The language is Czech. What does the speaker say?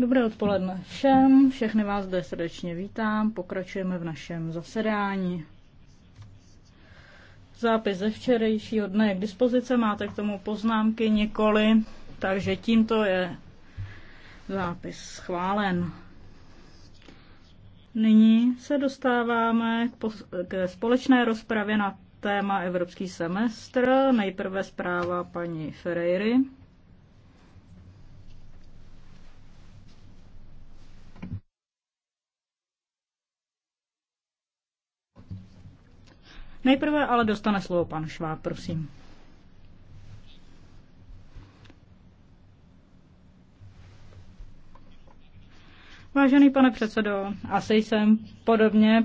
Dobré odpoledne všem, všechny vás zde srdečně vítám, pokračujeme v našem zasedání. Zápis ze včerejšího dne je k dispozice, máte k tomu poznámky nikoli, takže tímto je zápis schválen. Nyní se dostáváme k, k společné rozpravě na téma Evropský semestr. Nejprve zpráva paní Ferreiry. Nejprve ale dostane slovo pan Šváb, prosím. Vážený pane předsedo, asi jsem podobně